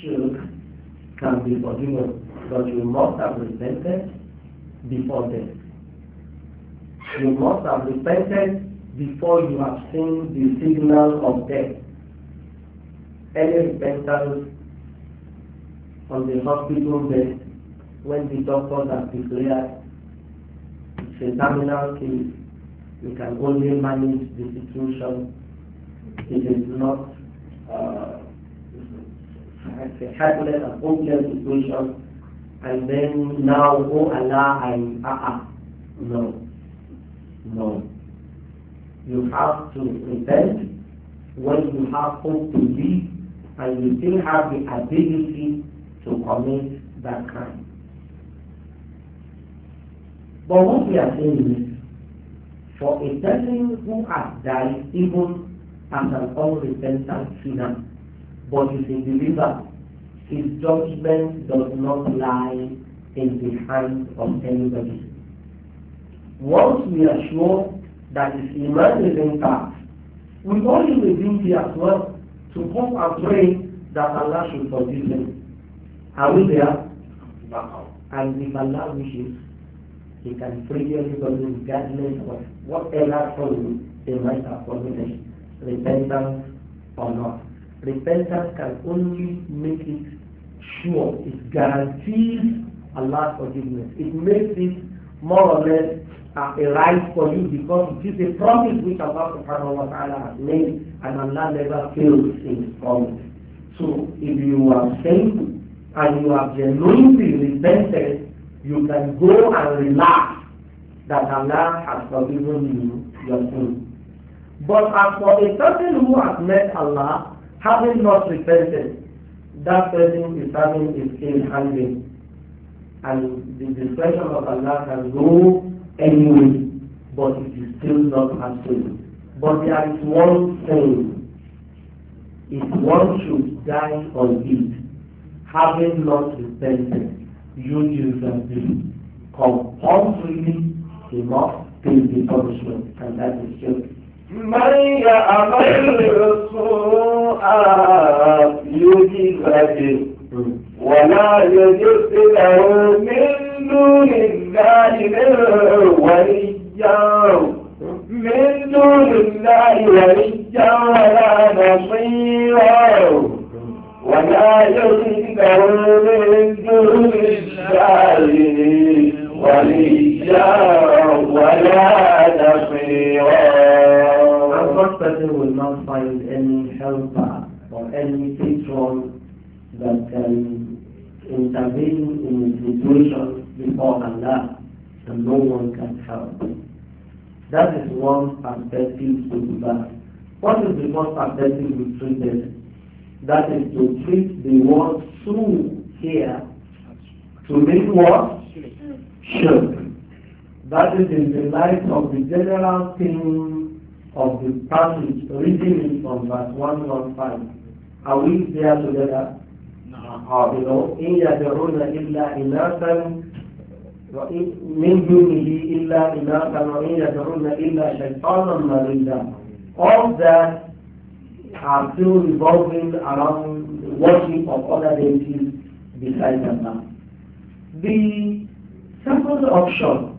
should come before you? but you must have repented before death. You must have repented before you have seen the signal of death. Any repentance on the hospital bed when the doctors have declared it's a terminal case, you can only manage the situation. It is not a say heartless and hopeless situation, and then now, oh Allah, I'm ah ah. No. No. You have to repent when you have hope to live and you still have the ability to commit that crime. But what we are saying is, for a person who has died even as an unrepentant sinner, but is a believer, his judgment does not lie in the hands of anybody. Once we are sure that his iman is intact, we only the here as well to hope and pray that Allah should forgive him. Are we there? And if Allah wishes, he can free everybody regardless of whatever problem they might have committed, repentance or not repentance can only make it sure. It guarantees Allah's forgiveness. It makes it more or less uh, a right for you because it is a promise which Allah subhanahu wa ta'ala has made and Allah never fails in his promise. So if you are saved and you have genuinely repented, you can go and relax that Allah has forgiven you your sin. But as for a person who has met Allah having not repented, that person is having his sin hanging. And the discretion of Allah can go anyway, but it is still not happening. But there is one thing. If one should die on it, having not repented, you will compulsorily he must pay the punishment, and that is just من يعمل سوءا يجد به ولا يجد له من دون الله وليا من دون الله وليا ولا نصيرا ولا يجد له من دون الله وليا ولا نصيرا person will not find any helper or any patron that can intervene in the situation before Allah, and no one can help. That is one perspective to do that. What is the first perspective we treated? That is to treat the word through here to make what? Shirk. That is in the light of the general thing of the passage, reading from verse 115. Are we there together? No. You know, إن يدعون إلا إناثا من دونه إلا إناثا وإن يدعون إلا شيطانا مريدا. All that are still revolving around the worship of other deities besides Allah. The second option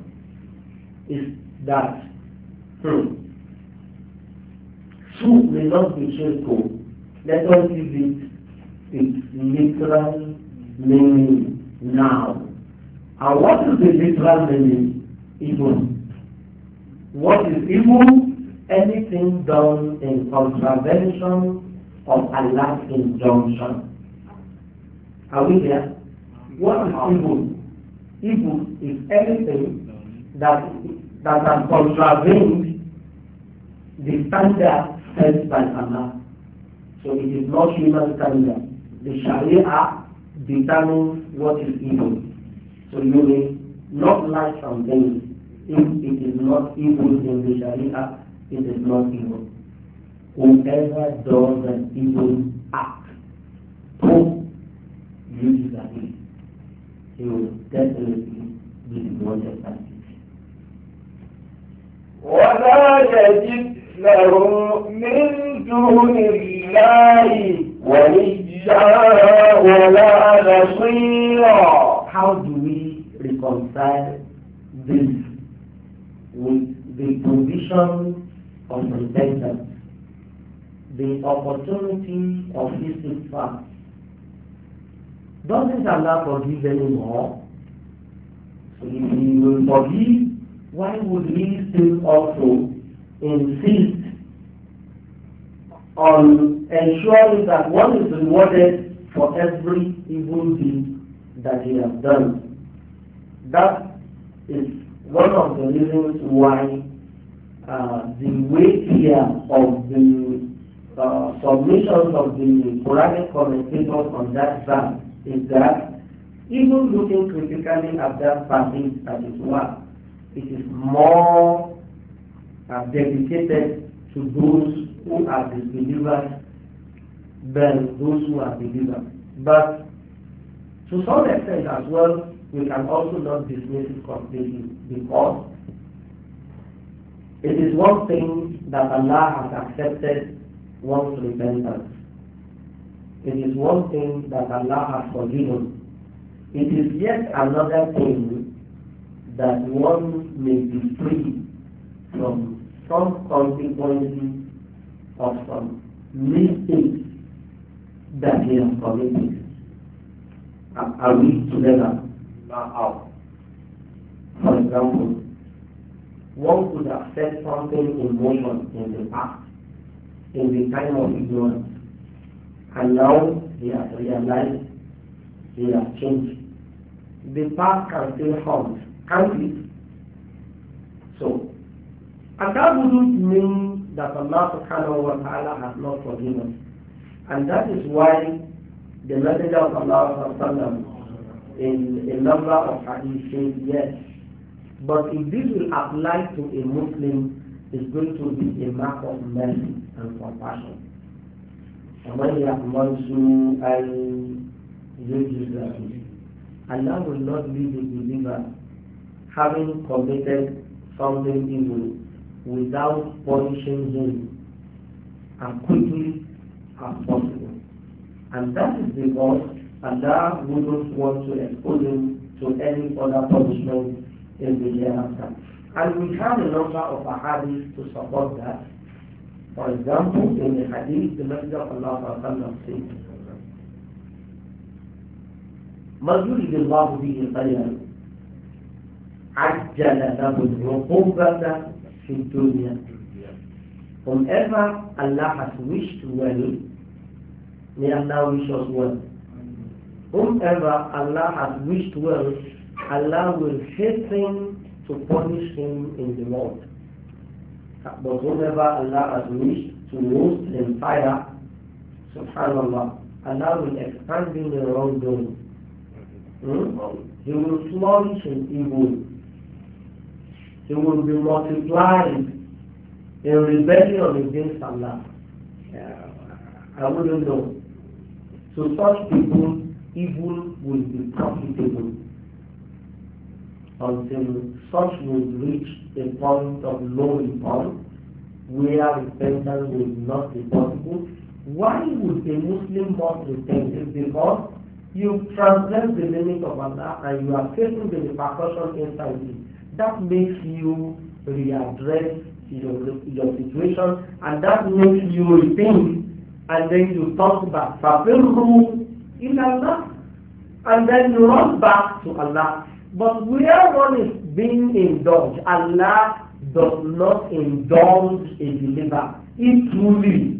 is that hmm, Two may not be truthful. Let us give it its literal meaning now. And what is the literal meaning? Evil. What is evil? Anything done in contravention of Allah's injunction. Are we there? What is evil? Evil is anything that that has contravened the standard sent by Allah. So it is not human standard. The Sharia determines what is evil. So you may not like something if it is not evil in the Sharia, it is not evil. Whoever does an evil act, who you disagree, he will definitely be rewarded by it. ولا يجد له من دون الله وليا ولا نصيرا How do we reconcile this with the provision of repentance, the opportunity of this istighfar? Doesn't Allah forgive anymore? So if He will forgive, why would we still also insist on ensuring that one is rewarded for every evil deed that he has done. That is one of the reasons why uh, the weight here of the uh, submissions of the Quranic commentators on that verse is that even looking critically at that passage as it was, it is more are dedicated to those who are disbelievers than those who are believers. But to some extent as well, we can also not dismiss it completely because it is one thing that Allah has accepted one's repentance. It is one thing that Allah has forgiven. It is yet another thing that one may be free from some consequences of some mistakes that we have committed. Are, are we together now? For example, one could have set something in motion in the past, in the time of ignorance, and now we have realized we have changed. The past can still haunt, can't it? So and that wouldn't mean that Allah subhanahu wa ta'ala has not forgiven. And that is why the Messenger of Allah sallam, in a number of hadith said yes. But if this will apply to a Muslim, it's going to be a mark of mercy and compassion. ومن يعمل سوءا يجز you, Allah will not leave the believer having committed something evil without punishing him as quickly as possible. And that is because Allah wouldn't want to expose him to any other punishment in the hereafter. And we have a number of ahadith to support that. For example, in the hadith, the Messenger of Allah said, من يريد الله به خيرا عجل له العقوبة Whomever Allah has wished well, may Allah wish us well. Whomever Allah has wished well, Allah will hasten to punish him in the world. But whomever Allah has wished to roast in fire, subhanallah, Allah will expand in the wrongdoing. Hmm? He will flourish in evil it will be multiplied in rebellion against Allah. Yeah. I wouldn't know. So such people, evil will be profitable until such will reach a point of no return where repentance will not be possible. Why would a Muslim not repent? It's because you transcend the limit of Allah and you are facing the repercussions inside it that makes you readdress your, your situation and that makes you rethink and then you talk back. فَفِرُّوا إِلَى Allah, And then you run back to Allah. But where one is being indulged, Allah does not indulge a believer. It truly.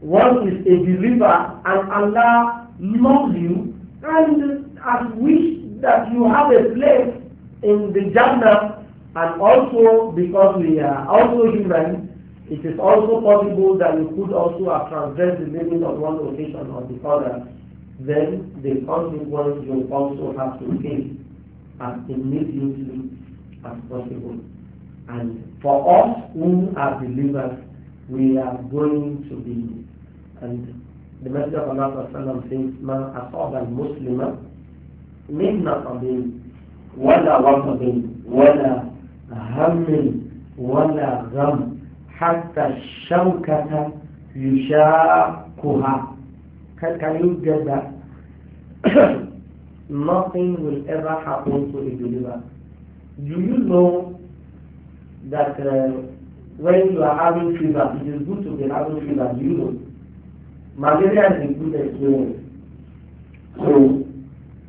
One is a believer and Allah loves you and has wished that you have a place in the Jannah and also because we are also human, it is also possible that we could also have transgressed the limit on one location or the other, then the consequence you also have to pay as immediately as possible. And for us who are believers, we are going to be. And the Messenger of Allah says, "Man asab not have been. ولا وطد ولا هم ولا غم حتى الشوكة يشاقها Can you get that? Nothing will ever happen to a believer. Do you know that uh, when you are having fever, it is good to be having fever, you know? Malaria is a good experience. So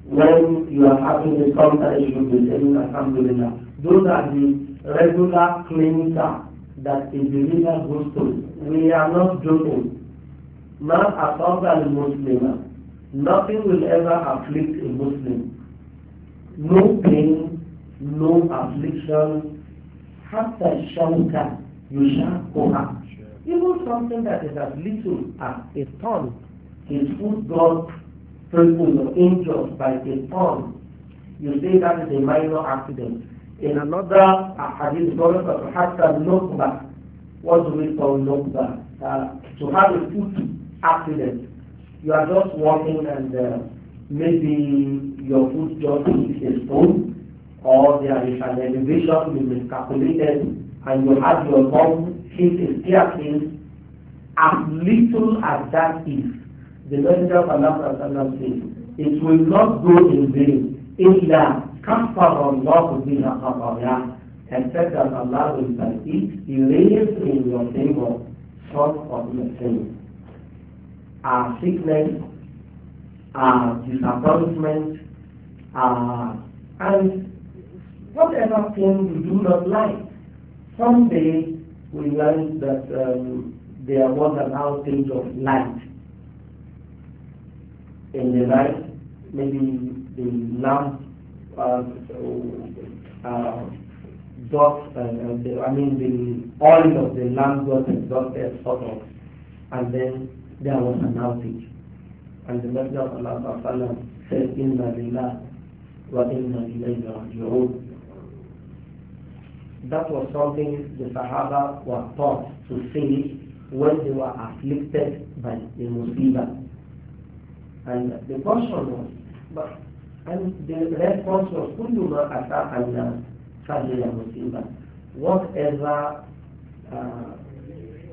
when you are having a counter, with should be saying Alhamdulillah. Those are the regular cleanser that a believer goes to. We are not joking. Not a al Muslim. Nothing will ever afflict a Muslim. No pain, no affliction. Hatta shanka yushakuha. Even something that is as little as a thorn, his foot God person was injured by a thorn, you say that is a minor accident. In another uh, hadith, Prophet said, "Hatta What do we call nokba? Uh, to have a foot accident. You are just walking and uh, maybe your foot just hits a stone, or there is an elevation you miscalculated, and you have your thumb hit a staircase. As little as that is, the messenger of Allah says, it will not go in vain, illa kafar Allah biha khataya, except that Allah will it erase in your favor short of your sin. Our sickness, our disappointment, our, and whatever thing we do not like, someday we learn that um, there was an outage of light in the night, maybe the lamp uh, uh, got, uh, uh, the, I mean the oil of the lamp got exhausted sort of, and then there was an outage. And the Messenger of Allah said, Inna lillah wa inna ilayhi That was something the Sahaba were taught to say when they were afflicted by the musibah. And the question was, but, and the response was, Kunduma Ata Anna Fadila Musiba. Whatever uh,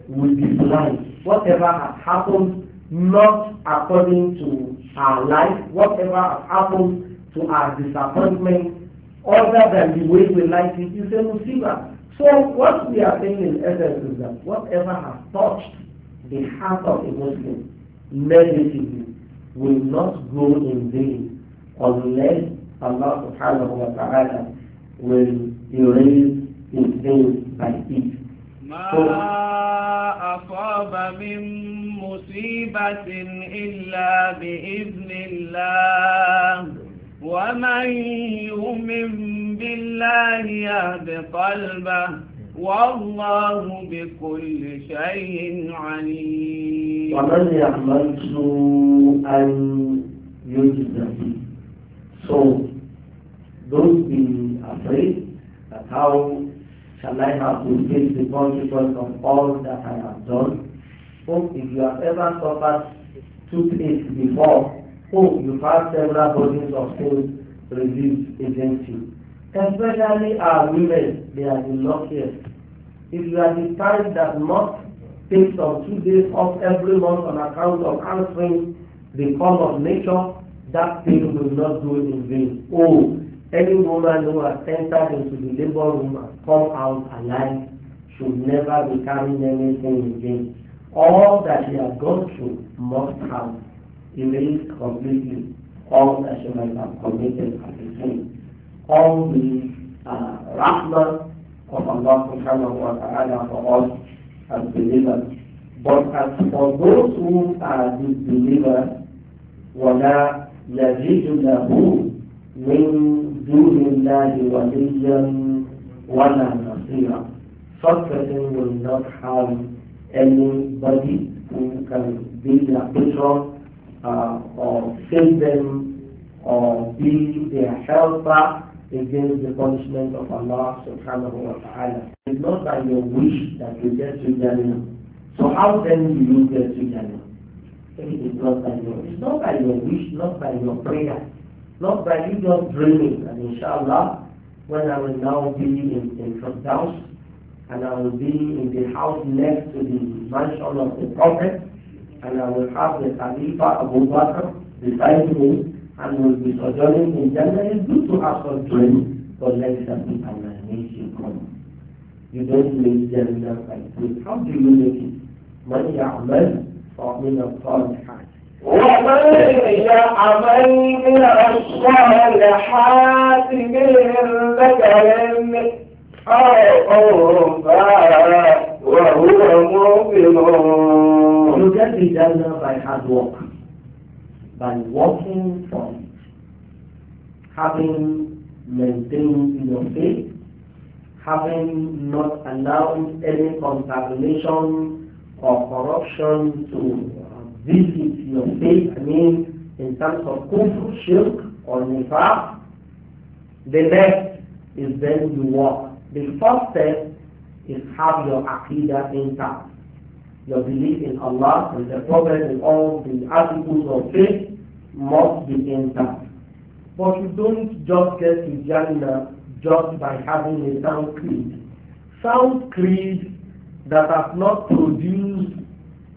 will be blind, whatever has happened, not according to our life, whatever has happened to our disappointment, other than the way we like it, is a Musiba. So what we are saying in essence is that whatever has touched the heart of a Muslim negatively will not go in vain unless Allah subhanahu wa ta'ala will erase his sins by it. أصاب من مصيبة إلا بإذن الله ومن يؤمن بالله يهد قلبه والله بكل شيء عليم ومن يعمل سوءا يجد به So don't be afraid that how shall I have to face the consequence of all that I have done. Oh, if you have ever suffered toothache before, oh, you have several bodies of sin relief against you. Especially our women, they are the luckiest. If you are the type that must take some two days off every month on account of answering the call of nature, that thing will not go in vain. Oh, any woman who has entered into the labor room and come out alive should never be carrying anything again. All that she has gone through must have erased completely all that she might have committed as a sin all the uh, rahmah of Allah subhanahu wa ta'ala for us as believers. But as for those who are disbelievers, وَلَا يَجِدُ لَهُ مِن دُونِ اللَّهِ وَلِيًّا وَلَا نَصِيرًا Such person will not have anybody who can be their patron uh, or save them or be their helper against the punishment of Allah subhanahu wa ta'ala. It's not by your wish that you get to Jannah. So how then do you get to Jannah? It is not by your it's not by your wish, not by your prayer, not by you just dreaming. And inshallah, when I will now be in, in House, and I will be in the house next to the mansion of the Prophet and I will have the Khalifa Abu Bakr beside me and will be sojourning in Germany due to but training for less than an come, You don't make Jannah by faith. How do you make it? من يعمل من الصالحات ومن يعمل من الصالحات من ذكر أو أنثى وهو مؤمن. You get the by hard work by working from it, having maintained your faith, having not allowed any contamination or corruption to visit your faith, I mean in terms of kufr, shirk or nifaq, the next is then you walk. The first step is have your aqidah intact your belief in Allah and the Prophet and all the articles of faith must be intact. But you don't just get to Jannah just by having a sound creed. Sound creed that has not produced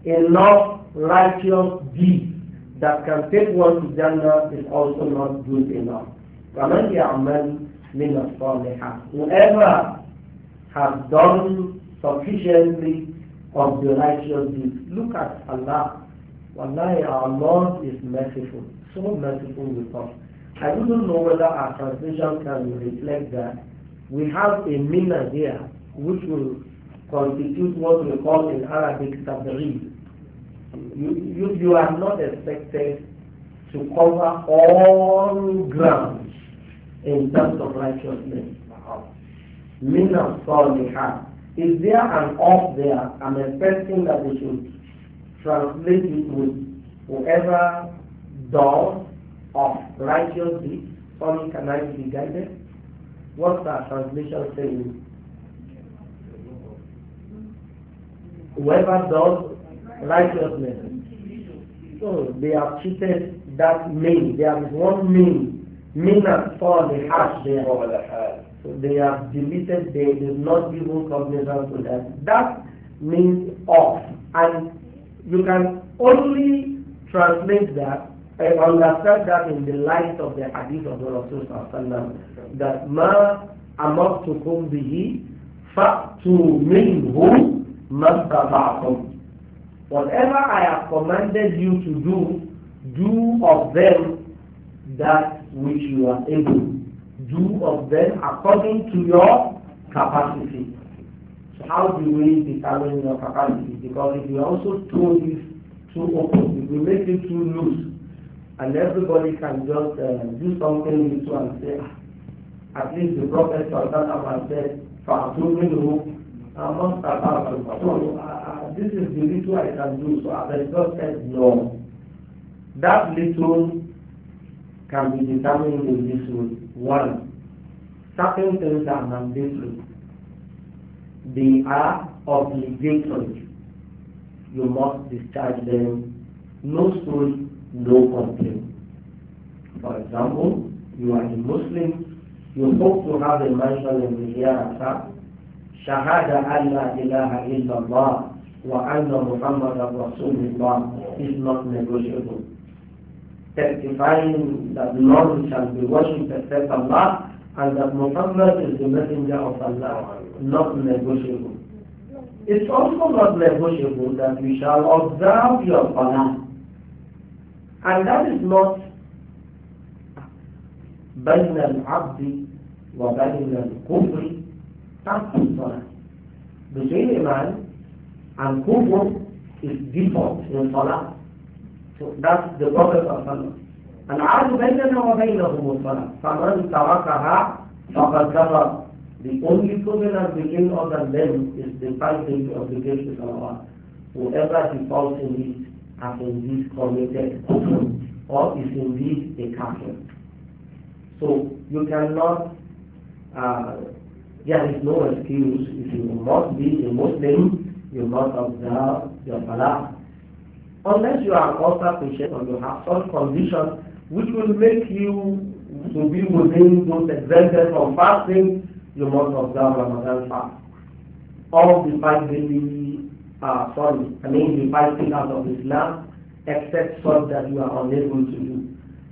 enough righteous deeds that can take one to Jannah is also not good enough. فمن يعمل من الصالحات Whoever has done sufficiently of the righteous deeds. Look at Allah. Wallahi, our Lord is merciful, so merciful with us. I don't know whether our translation can reflect that. We have a mina here, which will constitute what we call in Arabic tabri. You, you, you are not expected to cover all grounds in terms of righteousness. Mina salihah is there an off there? I'm expecting that they should translate it with whoever does of righteous deeds, only can I be guided? What's that translation saying? Whoever does righteousness. So they have cheated that mean. There is one mean. Mean as for the hash there. So they have deleted, they did not give cognizance to that. That means off. And you can only translate that I understand that in the light of the hadith of the Rasul that ma amartukum bihi fa'tu minhu mastata'tum. Whatever I have commanded you to do, do of them that which you are able do of them according to your capacity. So how do we determine your capacity? Because if you also throw this too open, if we make it too loose, and everybody can just uh, do something with you and say, ah, at least the Prophet said, فَأَتُومِنْهُ amongst about so uh, this is the little I can do. So as I just said, no. That little can be determined in this way. One, certain things are mandatory. They are obligatory. You must discharge them. No story, no complaint. For example, you are a Muslim, you hope to have a mansion in the hereafter. Shahada Allah ilaha illallah wa anna Muhammadan Rasulullah is not negotiable testifying that the shall be worshipped except Allah and that Muhammad is the messenger of Allah, not negotiable. It's also not negotiable that we shall observe your Salah. And that is not بين العبد وبين الكفر ترك الصلاة. the same man and kufr is default in Salah. So that's the of Prophet Sallallahu العهد بيننا وبينهم الصلاة فمن تركها فقد كفر The only covenant between us and them is the fighting to obligate to Salah. Whoever defaults in it has indeed committed or is indeed a kafir. So you cannot, uh, there is no excuse. If you must be a Muslim, you must observe your Salah Unless you are ulcer patient or you have some condition which will make you to be within those exempted from fasting, you must observe Ramadan fast. All the five daily, uh, sorry, I mean the five pillars of Islam, except such that you are unable to do.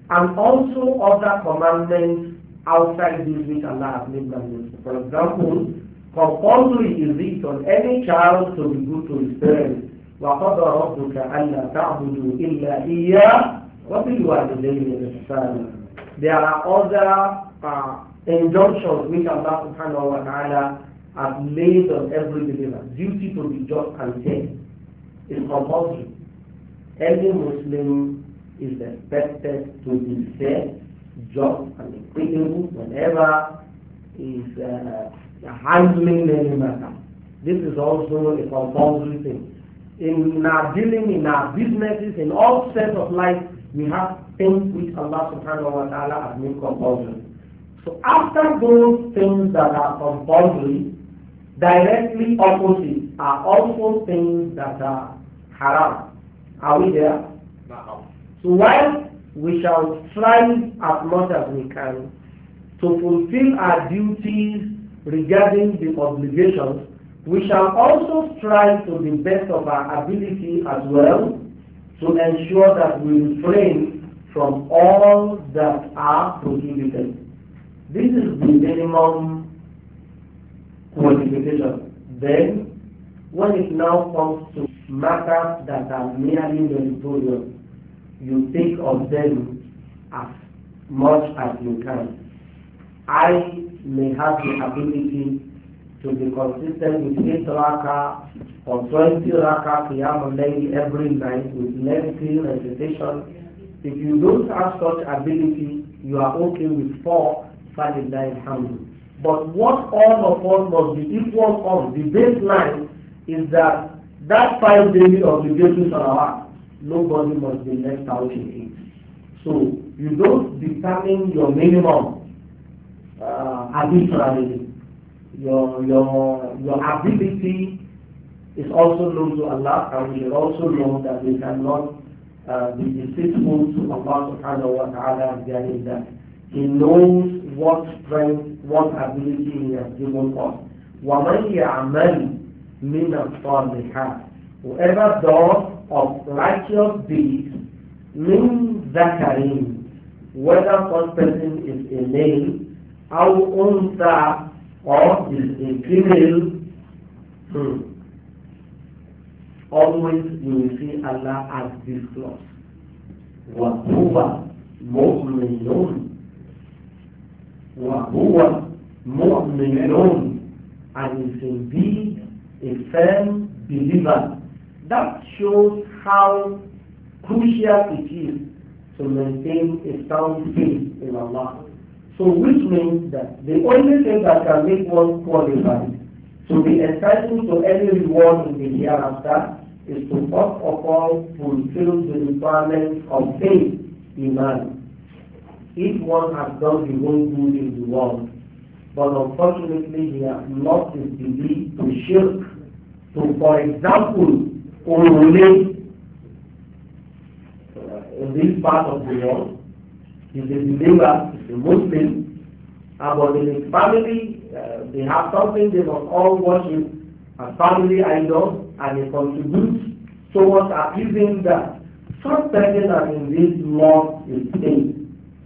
And also other commandments outside these which Allah has made them. For example, compulsory is it on any child to be good to his parents وقضى ربك ألا تعبدوا إلا إياه وبالوالدين إحسانا There are other uh, injunctions which Allah subhanahu wa ta'ala has laid on every believer. Duty to be just and fair is compulsory. Every Muslim is expected to be fair, just and equitable whenever is uh, handling any matter. This is also a compulsory thing in our dealing, in our businesses, in all sense of life, we have things which Allah subhanahu wa ta'ala has made compulsory. So after those things that are compulsory, directly opposite are also things that are haram. Are we there? So while we shall strive as much as we can to fulfill our duties regarding the obligations we shall also strive to the best of our ability as well to ensure that we refrain from all that are prohibited. This is the minimum qualification. Then, when it now comes to matters that are merely meritorious, you think of them as much as you can. I may have the ability to be consistent with 8 raka or 20 raka qiyam al every night with lengthy recitation. If you don't have such ability, you are okay with 4 falillahi alhamdu. But what all of us must be equal of, the baseline is that that 5 daily obligation salawat, nobody must be left out in it. So you don't determine your minimum uh, arbitrarily your your your ability is also known to Allah, and we also know that we cannot uh, be deceitful to Allah subhanahu wa ta'ala regarding that. He knows what strength, what ability He has given us. وَمَنْ يَعْمَلْ مِنَ الصَّالِحَاتِ Whoever does of righteous deeds, مِنْ ذَكَرٍ Whether one person is a male, own أنثى or is a female, hmm, always you will see Allah as this clause. وَهُوَ مُؤْمِنٌ وَهُوَ مُؤْمِنٌ And is indeed a firm believer. That shows how crucial it is to maintain a sound faith in Allah. So which means that the only thing that can make one qualified to be entitled to any reward in the hereafter is to first of all fulfill the requirements of faith, in man. If one has done the wrong good in the world, but unfortunately he has not his belief to shirk. So for example, only uh, in this part of the world, He's a believer, he's a Muslim, About in his family uh, they have something they must all worship a family idol and they contribute towards abusing that. Such persons are in this law is